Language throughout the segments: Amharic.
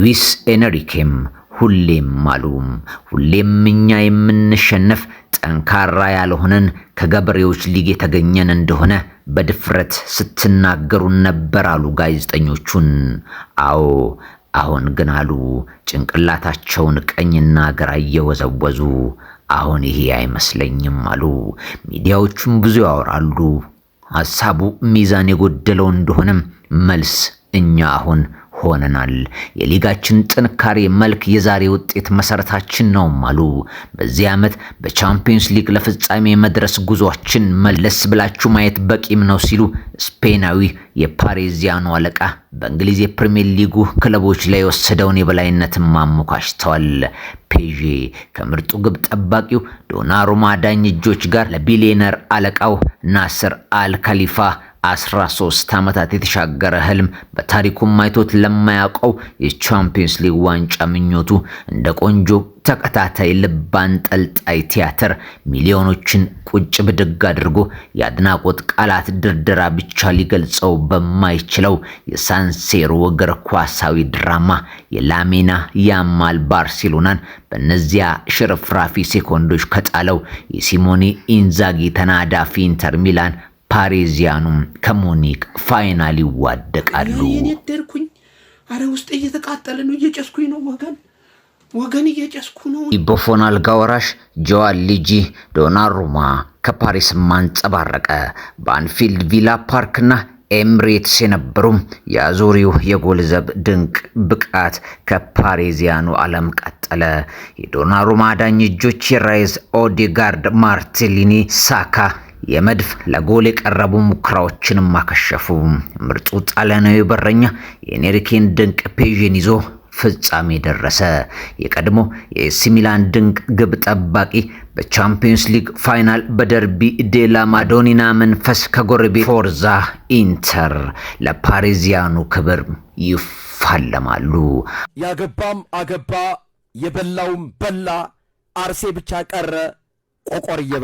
ሉዊስ ኤነሪኬም ሁሌም አሉ ሁሌም እኛ የምንሸነፍ ጠንካራ ያልሆነን ከገበሬዎች ሊግ የተገኘን እንደሆነ በድፍረት ስትናገሩን ነበር አሉ ጋዜጠኞቹን። አዎ አሁን ግን አሉ ጭንቅላታቸውን ቀኝና ግራ እየወዘወዙ አሁን ይሄ አይመስለኝም አሉ። ሚዲያዎቹም ብዙ ያወራሉ፣ ሀሳቡ ሚዛን የጎደለው እንደሆነም መልስ እኛ አሁን ሆነናል። የሊጋችን ጥንካሬ መልክ የዛሬ ውጤት መሰረታችን ነውም አሉ። በዚህ ዓመት በቻምፒየንስ ሊግ ለፍጻሜ መድረስ ጉዟችን መለስ ብላችሁ ማየት በቂም ነው ሲሉ ስፔናዊ የፓሪዚያኑ አለቃ በእንግሊዝ የፕሪሚየር ሊጉ ክለቦች ላይ የወሰደውን የበላይነትን ማሞካሽተዋል። ፔዤ ከምርጡ ግብ ጠባቂው ዶናሩማ ዳኝ እጆች ጋር ለቢሊዮነር አለቃው ናስር አልካሊፋ 13 ዓመታት የተሻገረ ህልም በታሪኩም ማይቶት ለማያውቀው የቻምፒየንስ ሊግ ዋንጫ ምኞቱ እንደ ቆንጆ ተከታታይ ልብ አንጠልጣይ ቲያትር ሚሊዮኖችን ቁጭ ብድግ አድርጎ የአድናቆት ቃላት ድርድራ ብቻ ሊገልጸው በማይችለው የሳንሴሮ እግር ኳሳዊ ድራማ የላሚና ያማል ባርሴሎናን በእነዚያ ሽርፍራፊ ሴኮንዶች ከጣለው የሲሞኔ ኢንዛጊ ተናዳፊ ኢንተር ሚላን ፓሪዚያኑም ከሞኒክ ፋይናል ይዋደቃሉ። የኔደርኩኝ አረ ውስጥ እየተቃጠለ ነው። እየጨስኩኝ ነው ወገን ወገን እየጨስኩ ነው። የቡፎን አልጋ ወራሽ ጆዋን ልጂ ዶናሩማ ከፓሪስ ማንጸባረቀ። በአንፊልድ ቪላ ፓርክና ኤምሬትስ የነበሩም የአዙሪው የጎልዘብ ድንቅ ብቃት ከፓሪዚያኑ ዓለም ቀጠለ። የዶናሩማ አዳኝ እጆች የራይስ ኦዴጋርድ፣ ማርቲሊኒ፣ ሳካ የመድፍ ለጎል የቀረቡ ሙከራዎችንም አከሸፉ። ምርጡ ጣሊያናዊ በረኛ የኔሪኬን ድንቅ ፔዥን ይዞ ፍጻሜ ደረሰ። የቀድሞ የኤሲ ሚላን ድንቅ ግብ ጠባቂ በቻምፒዮንስ ሊግ ፋይናል በደርቢ ዴላ ማዶኒና መንፈስ ከጎረቤት ፎርዛ ኢንተር ለፓሪዚያኑ ክብር ይፋለማሉ። ያገባም አገባ፣ የበላውም በላ፣ አርሴ ብቻ ቀረ።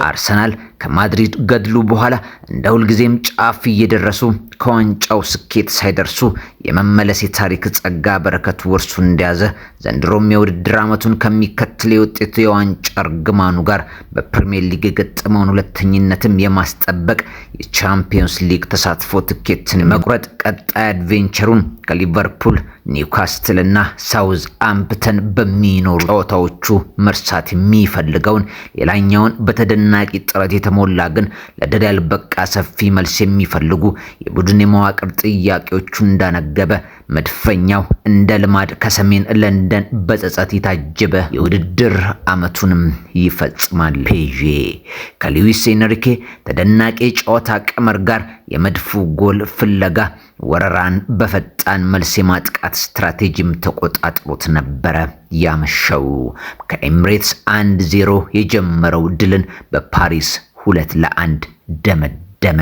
አርሰናል ከማድሪድ ገድሉ በኋላ እንደ ሁልጊዜም ጫፍ እየደረሱ ከዋንጫው ስኬት ሳይደርሱ የመመለስ የታሪክ ጸጋ በረከቱ እርሱን እንደያዘ ዘንድሮም የውድድር ዓመቱን ከሚከትል የውጤቱ የዋንጫ እርግማኑ ጋር በፕሪምየር ሊግ የገጠመውን ሁለተኝነትም የማስጠበቅ የቻምፒየንስ ሊግ ተሳትፎ ትኬትን መቁረጥ ቀጣይ አድቬንቸሩን ከሊቨርፑል ኒውካስትልና ሳውዝ አምፕተን በሚኖሩ ጨዋታዎቹ መርሳት የሚፈልገውን ሌላኛውን በተደናቂ ጥረት የተሞላ ግን ለድል ያልበቃ ሰፊ መልስ የሚፈልጉ የቡድን የመዋቅር ጥያቄዎቹ እንዳነገበ መድፈኛው እንደ ልማድ ከሰሜን ለንደን በጸጸት የታጀበ የውድድር ዓመቱንም ይፈጽማል። ፔዤ ከሉዊስ ኤንሪኬ ተደናቂ ጨዋታ ቀመር ጋር የመድፉ ጎል ፍለጋ ወረራን በፈጣን መልስ የማጥቃት ስትራቴጂም ተቆጣጥሮት ነበረ። ያመሸው ከኤምሬትስ አንድ ዜሮ የጀመረው ድልን በፓሪስ ሁለት ለአንድ ደመደመ።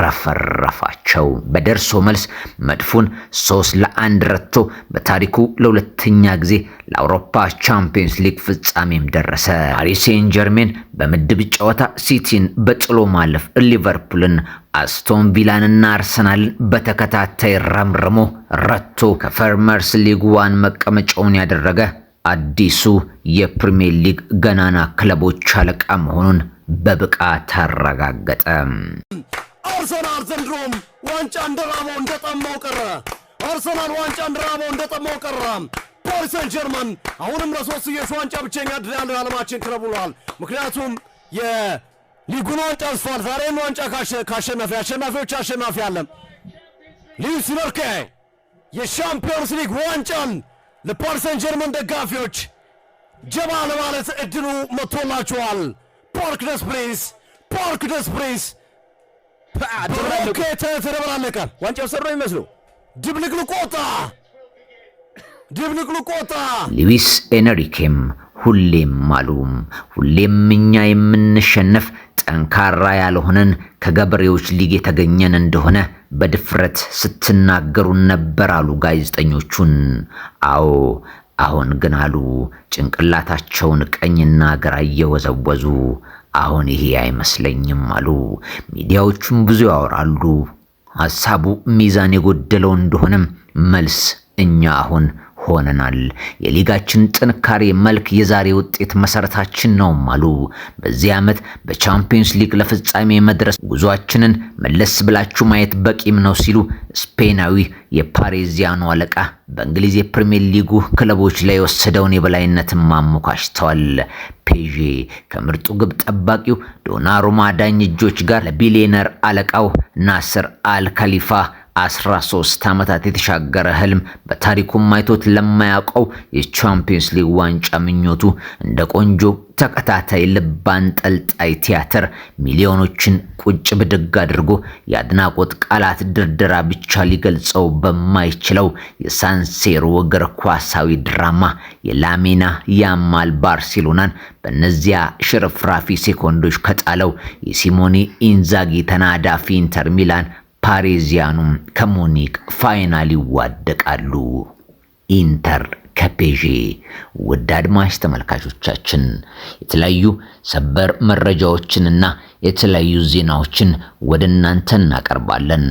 ረፈረፋቸው። በደርሶ መልስ መድፉን ሶስት ለአንድ ረትቶ በታሪኩ ለሁለተኛ ጊዜ ለአውሮፓ ቻምፒየንስ ሊግ ፍጻሜም ደረሰ። ፓሪስ ሴን ጀርሜን በምድብ ጨዋታ ሲቲን በጥሎ ማለፍ፣ ሊቨርፑልን፣ አስቶን ቪላንና አርሰናልን በተከታታይ ረምርሞ ረቶ ከፈርመርስ ሊግ ዋን መቀመጫውን ያደረገ አዲሱ የፕሪሚየር ሊግ ገናና ክለቦች አለቃ መሆኑን በብቃት አረጋገጠ። አርሰናል ዘንድሮም ዋንጫ እንደራበው እንደጠማው ቀረ። አርሰናል ዋንጫ እንደራበው እንደጠማው ቀረ። ፓሪስ ሰን ጀርመን አሁንም ለሶስትዮሽ ዋንጫ ብቸኛ ድል ያለው የዓለማችን ክለብ ሆኗል። ምክንያቱም የሊጉን ዋንጫ አንስቷል። ዛሬን ዋንጫ ካሸናፊ አሸናፊዎች አሸናፊ አለ። ሉዊስ ሉኬ የሻምፒዮንስ ሊግ ዋንጫን ለፓሪስ ሰን ጀርመን ደጋፊዎች ጀባ ለማለት እድሉ መጥቶላቸዋል። ፓርክ ደስ ፕሪንስ ፓርክ ደስ ፕሪንስ ተደበላለቀ። ዋንጫው ሰሮ ይመስሉ ድብልቅልቆታ ድብልቅልቆታ። ሉዊስ ኤንሪኬም ሁሌም አሉ ሁሌም እኛ የምንሸነፍ ጠንካራ ያልሆነን ከገበሬዎች ሊግ የተገኘን እንደሆነ በድፍረት ስትናገሩን ነበር አሉ ጋዜጠኞቹን። አዎ አሁን ግን አሉ ጭንቅላታቸውን ቀኝና ግራ እየወዘወዙ አሁን ይሄ አይመስለኝም አሉ። ሚዲያዎቹም ብዙ ያወራሉ። ሀሳቡ ሚዛን የጎደለው እንደሆነም መልስ እኛ አሁን ሆነናል። የሊጋችን ጥንካሬ መልክ የዛሬ ውጤት መሰረታችን ነውም አሉ። በዚህ ዓመት በቻምፒየንስ ሊግ ለፍጻሜ መድረስ ጉዟችንን መለስ ብላችሁ ማየት በቂም ነው ሲሉ ስፔናዊ የፓሪዚያኑ አለቃ በእንግሊዝ የፕሪሚየር ሊጉ ክለቦች ላይ የወሰደውን የበላይነትን ማሞካሽተዋል። ፔዤ ከምርጡ ግብ ጠባቂው ዶናሩማ ዳኝ እጆች ጋር ለቢሊየነር አለቃው ናስር አልካሊፋ 13 ዓመታት የተሻገረ ህልም በታሪኩም አይቶት ለማያውቀው የቻምፒየንስ ሊግ ዋንጫ ምኞቱ እንደ ቆንጆ ተከታታይ ልብ አንጠልጣይ ቲያትር ሚሊዮኖችን ቁጭ ብድግ አድርጎ የአድናቆት ቃላት ድርደራ ብቻ ሊገልጸው በማይችለው የሳንሴሮ እግር ኳሳዊ ድራማ የላሜና ያማል ባርሴሎናን በእነዚያ ሽርፍራፊ ሴኮንዶች ከጣለው የሲሞኔ ኢንዛጊ ተናዳፊ ኢንተር ሚላን ፓሪዚያኑም ከሞኒክ ፋይናል ይዋደቃሉ። ኢንተር ከፔዤ። ውድ አድማሽ ተመልካቾቻችን የተለያዩ ሰበር መረጃዎችንና የተለያዩ ዜናዎችን ወደ እናንተ እናቀርባለን።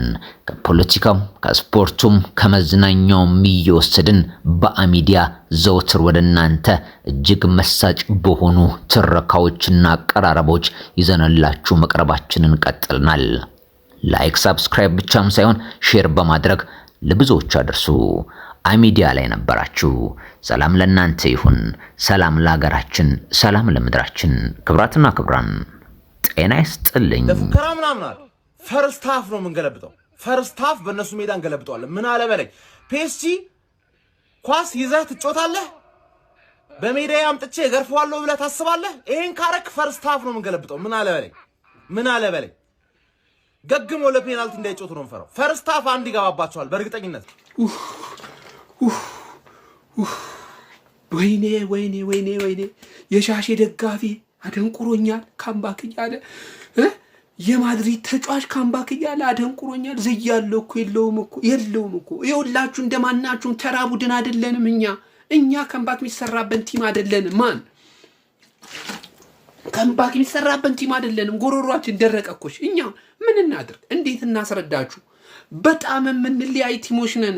ከፖለቲካው፣ ከስፖርቱም፣ ከመዝናኛውም እየወሰድን በአሚዲያ ዘውትር ወደ እናንተ እጅግ መሳጭ በሆኑ ትረካዎችና አቀራረቦች ይዘንላችሁ መቅረባችንን ቀጥልናል። ላይክ፣ ሰብስክራይብ ብቻም ሳይሆን ሼር በማድረግ ለብዙዎች አድርሱ። አሚዲያ ላይ ነበራችሁ። ሰላም ለእናንተ ይሁን። ሰላም ለሀገራችን፣ ሰላም ለምድራችን። ክብራትና ክብራን ጤና ይስጥልኝ። ለፉከራ ምናምን አለ ሀፍ ነው የምንገለብጠው። ፈርስታፍ በእነሱ ሜዳ እንገለብጠዋለን። ምን አለ በለኝ ፔስጂ ኳስ ይዘህ ትጮታለህ። በሜዳ አምጥቼ እገርፈዋለሁ ብለህ ታስባለህ። ይሄን ካረክ ፈርስታፍ ነው የምንገለብጠው። ምን አለ በለኝ ምን አለ በለኝ ገግሞ ለፔናልቲ እንዳይጮት ነው የምፈራው። ፈርስት ሀፍ አንድ ይገባባቸዋል በእርግጠኝነት። ወይኔ ወይኔ ወይኔ ወይኔ! የሻሼ ደጋፊ አደንቁሮኛል ካምባክ እያለ የማድሪድ ተጫዋች ካምባክ እያለ አደንቁሮኛል። ዘያለው እኮ የለውም እኮ የለውም እኮ የሁላችሁ እንደማናችሁም ተራ ቡድን አይደለንም እኛ እኛ ካምባክ የሚሰራበን ቲም አይደለንም ማን ከእምባክ የሚሰራበን ቲም አይደለንም። ጎሮሯችን ደረቀ እኮ። እኛ ምን እናድርግ? እንዴት እናስረዳችሁ? በጣም የምንለያይ ቲሞች ነን።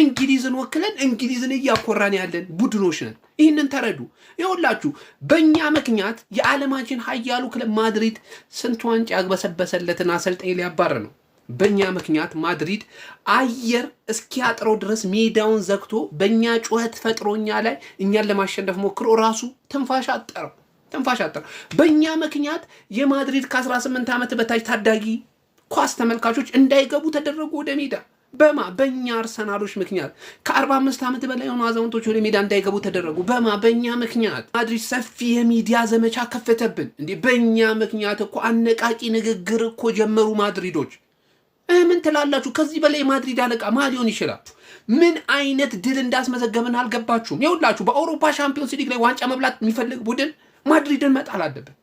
እንግሊዝን ወክለን እንግሊዝን እያኮራን ያለን ቡድኖች ነን። ይህንን ተረዱ። ይኸውላችሁ በእኛ ምክንያት የዓለማችን ሀያሉ ክለብ ማድሪድ ስንት ዋንጫ ያግበሰበሰለትን አሰልጣኝ ሊያባር ነው። በእኛ ምክንያት ማድሪድ አየር እስኪያጥረው ድረስ ሜዳውን ዘግቶ በእኛ ጩኸት ፈጥሮኛ ላይ እኛን ለማሸነፍ ሞክሮ ራሱ ትንፋሽ አጠረው። ትንፋሽ አጠር በእኛ ምክንያት የማድሪድ ከ18 ዓመት በታች ታዳጊ ኳስ ተመልካቾች እንዳይገቡ ተደረጉ ወደ ሜዳ በማ በእኛ አርሰናሎች ምክንያት ከ45 ዓመት በላይ የሆኑ አዛውንቶች ወደ ሜዳ እንዳይገቡ ተደረጉ። በማ በእኛ ምክንያት ማድሪድ ሰፊ የሚዲያ ዘመቻ ከፈተብን። እንዲህ በእኛ ምክንያት እኮ አነቃቂ ንግግር እኮ ጀመሩ ማድሪዶች። ምን ትላላችሁ? ከዚህ በላይ ማድሪድ አለቃ ማ ሊሆን ይችላል? ምን አይነት ድል እንዳስመዘገብን አልገባችሁም? የውላችሁ በአውሮፓ ሻምፒዮንስ ሊግ ላይ ዋንጫ መብላት የሚፈልግ ቡድን ማድሪድን መጣል አለብን።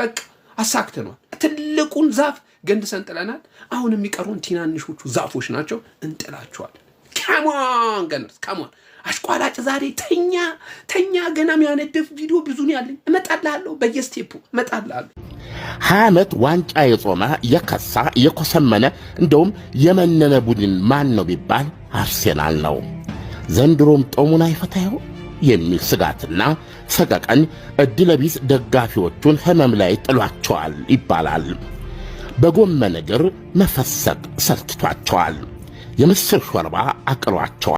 በቃ አሳክተኗል። ትልቁን ዛፍ ገንድሰን ጥለናል። አሁን የሚቀሩን ትናንሾቹ ዛፎች ናቸው፣ እንጥላቸዋል። ከሞን ገነርስ ከሞን አሽቋላጭ ዛሬ ተኛ ተኛ። ገና የሚያነደፍ ቪዲዮ ብዙ ነው ያለኝ። እመጣልሃለሁ፣ በየስቴፑ እመጣልሃለሁ። ሀያ ዓመት ዋንጫ የጾመ የከሳ የኮሰመነ እንደውም የመነነ ቡድን ማን ነው ቢባል አርሴናል ነው። ዘንድሮም ጦሙን አይፈታ ይሆን? የሚል ስጋትና ሰቀቀን ዕድለቢስ ደጋፊዎቹን ህመም ላይ ጥሏቸዋል ይባላል። በጎመን እግር መፈሰቅ ሰልችቷቸዋል። የምስር ሾርባ አቅሏቸዋል።